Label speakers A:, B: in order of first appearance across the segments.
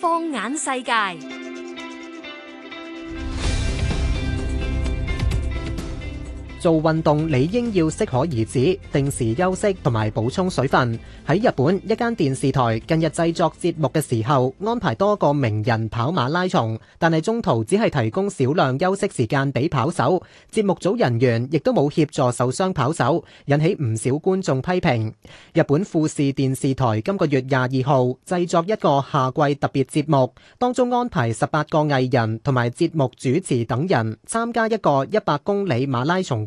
A: 放眼世界。做運動理應要適可而止，定時休息同埋補充水分。喺日本一間電視台近日製作節目嘅時候，安排多個名人跑馬拉松，但係中途只係提供少量休息時間俾跑手，節目組人員亦都冇協助受傷跑手，引起唔少觀眾批評。日本富士電視台今個月廿二號製作一個夏季特別節目，當中安排十八個藝人同埋節目主持等人參加一個一百公里馬拉松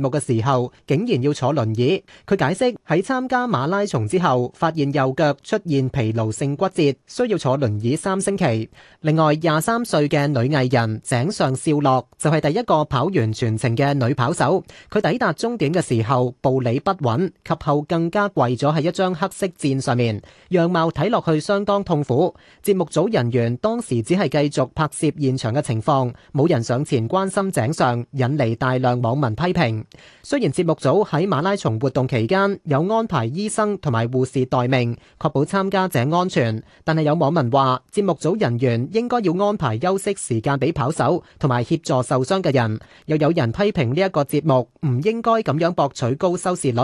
A: 目。節目嘅時候竟然要坐輪椅，佢解釋喺參加馬拉松之後，發現右腳出現疲勞性骨折，需要坐輪椅三星期。另外，廿三歲嘅女藝人井上笑樂就係第一個跑完全程嘅女跑手。佢抵達終點嘅時候步履不穩，及後更加跪咗喺一張黑色墊上面，樣貌睇落去相當痛苦。節目組人員當時只係繼續拍攝現場嘅情況，冇人上前關心井上，引嚟大量網民批評。雖然節目組喺馬拉松活動期間有安排醫生同埋護士待命，確保參加者安全，但係有網民話節目組人員應該要安排休息時間俾跑手，同埋協助受傷嘅人。又有人批評呢一個節目唔應該咁樣博取高收視率。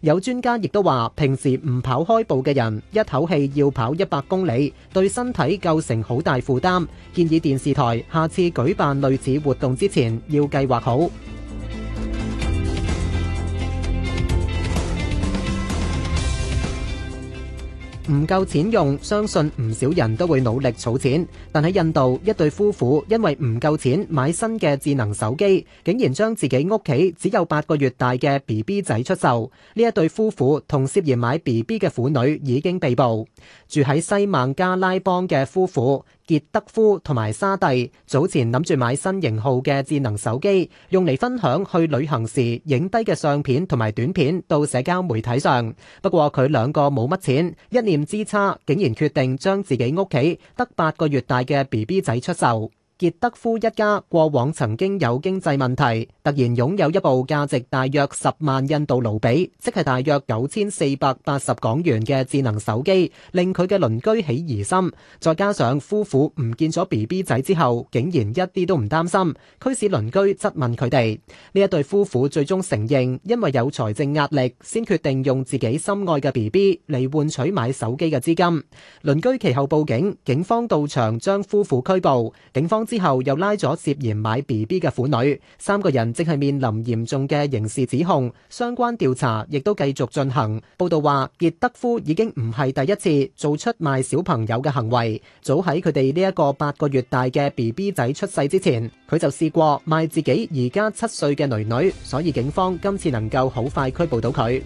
A: 有專家亦都話平時唔跑開步嘅人一口氣要跑一百公里，對身體構成好大負擔，建議電視台下次舉辦類似活動之前要計劃好。唔夠錢用，相信唔少人都會努力儲錢。但喺印度，一對夫婦因為唔夠錢買新嘅智能手機，竟然將自己屋企只有八個月大嘅 BB 仔出售。呢一對夫婦同涉嫌買 BB 嘅婦女已經被捕。住喺西孟加拉邦嘅夫婦。杰德夫同埋沙蒂早前諗住買新型號嘅智能手機，用嚟分享去旅行時影低嘅相片同埋短片到社交媒體上。不過佢兩個冇乜錢，一念之差，竟然決定將自己屋企得八個月大嘅 BB 仔出售。杰德夫一家過往曾經有經濟問題，突然擁有一部價值大約十萬印度盧比，即係大約九千四百八十港元嘅智能手機，令佢嘅鄰居起疑心。再加上夫婦唔見咗 BB 仔之後，竟然一啲都唔擔心，驅使鄰居質問佢哋。呢一對夫婦最終承認，因為有財政壓力，先決定用自己心愛嘅 BB 嚟換取買手機嘅資金。鄰居其後報警，警方到場將夫婦拘捕。警方之後又拉咗涉嫌買 BB 嘅婦女，三個人正係面臨嚴重嘅刑事指控，相關調查亦都繼續進行。報道話，杰德夫已經唔係第一次做出賣小朋友嘅行為，早喺佢哋呢一個八個月大嘅 BB 仔出世之前，佢就試過賣自己而家七歲嘅囡囡，所以警方今次能夠好快拘捕到佢。